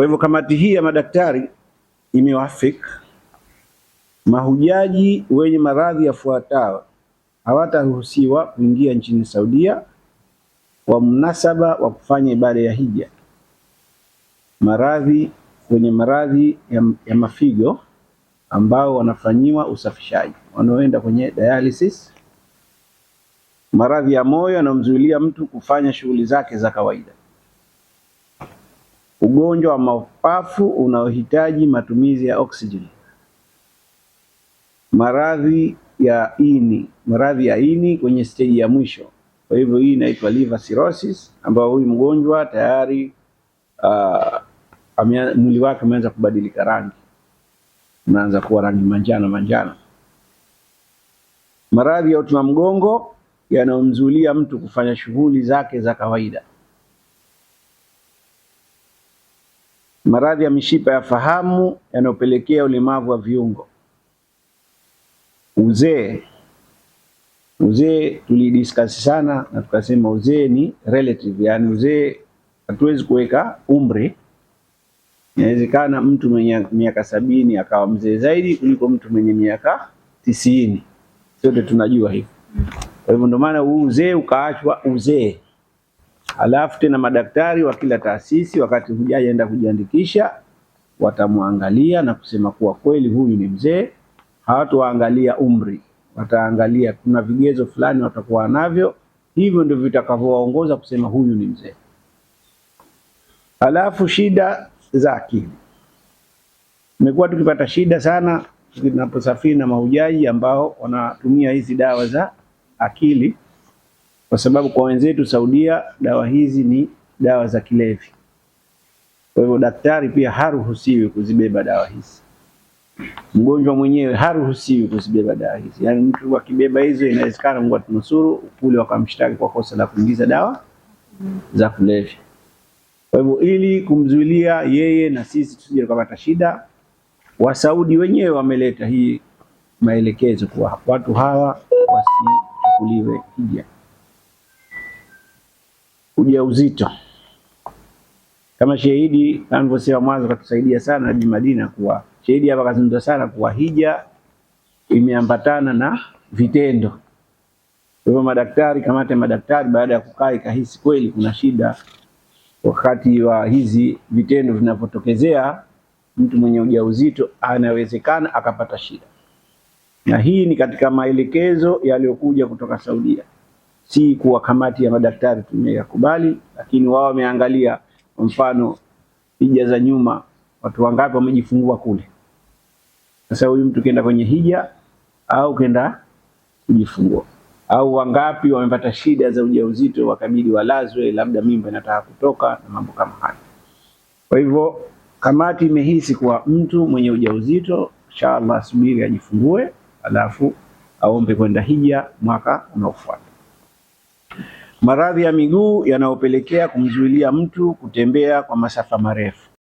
Kwa hivyo kamati hii ya madaktari imewafiki mahujaji wenye maradhi yafuatayo hawataruhusiwa kuingia nchini Saudia kwa mnasaba wa kufanya ibada ya hija: maradhi wenye maradhi ya, ya mafigo ambao wanafanyiwa usafishaji, wanaoenda kwenye dialysis, maradhi ya moyo yanayomzuilia mtu kufanya shughuli zake za kawaida ugonjwa wa mapafu unaohitaji matumizi ya oksijeni, maradhi ya ini, maradhi ya ini kwenye steji ya mwisho. Kwa hivyo hii inaitwa liver cirrhosis, ambao huyu mgonjwa tayari uh, mwili wake umeanza kubadilika rangi, unaanza kuwa rangi manjano manjano. Maradhi ya uti wa mgongo yanayomzuilia mtu kufanya shughuli zake za kawaida. maradhi ya mishipa ya fahamu yanayopelekea ulemavu wa viungo, uzee. Uzee tulidiskasi sana na tukasema uzee ni relative, yani uzee hatuwezi kuweka umri. Inawezekana mtu mwenye miaka sabini akawa mzee zaidi kuliko mtu mwenye miaka tisini. Sote tunajua hivyo. Kwa hivyo ndio maana huu uzee ukaachwa uzee. Alafu tena madaktari wa kila taasisi wakati hujaji aenda kujiandikisha, watamwangalia na kusema kuwa kweli huyu ni mzee. Hawatoangalia umri, wataangalia kuna vigezo fulani watakuwa navyo, hivyo ndio vitakavyowaongoza kusema huyu ni mzee. Alafu shida za akili, tumekuwa tukipata shida sana tunaposafiri na mahujaji ambao wanatumia hizi dawa za akili kwa sababu kwa wenzetu Saudia dawa hizi ni dawa za kilevi. Kwa hivyo daktari pia haruhusiwi kuzibeba dawa hizi, mgonjwa mwenyewe haruhusiwi kuzibeba dawa hizi. Yaani mtu akibeba hizo, inawezekana Mungu atunusuru kule wakamshtaki kwa kosa la kuingiza dawa za kulevya. Kwa hivyo ili kumzuilia yeye na sisi tusije tukapata shida, Wasaudi wenyewe wameleta hii maelekezo kuwa watu hawa wasichukuliwe hija ujauzito. Kama shahidi alivyosema mwanzo, katusaidia sana hadi Madina, kuwa shahidi hapa kazungumza sana kuwa hija imeambatana na vitendo. Kwa hivyo madaktari, kamati ya madaktari baada ya kukaa ikahisi kweli kuna shida wakati wa hizi vitendo vinavyotokezea, mtu mwenye ujauzito anawezekana akapata shida, na hii ni katika maelekezo yaliyokuja kutoka Saudia si kuwa kamati ya madaktari tumeyakubali, lakini wao wameangalia kwa mfano hija za nyuma, watu wangapi wamejifungua kule. Sasa huyu mtu kenda kwenye hija au kenda kujifungua, au wangapi wamepata shida za ujauzito wakabidi walazwe, labda mimba inataka kutoka na mambo kama hayo. Kwa hivyo kamati imehisi kuwa mtu mwenye ujauzito inshallah, subiri ajifungue, alafu aombe kwenda hija mwaka unaofuata maradhi ya miguu yanayopelekea kumzuilia mtu kutembea kwa masafa marefu.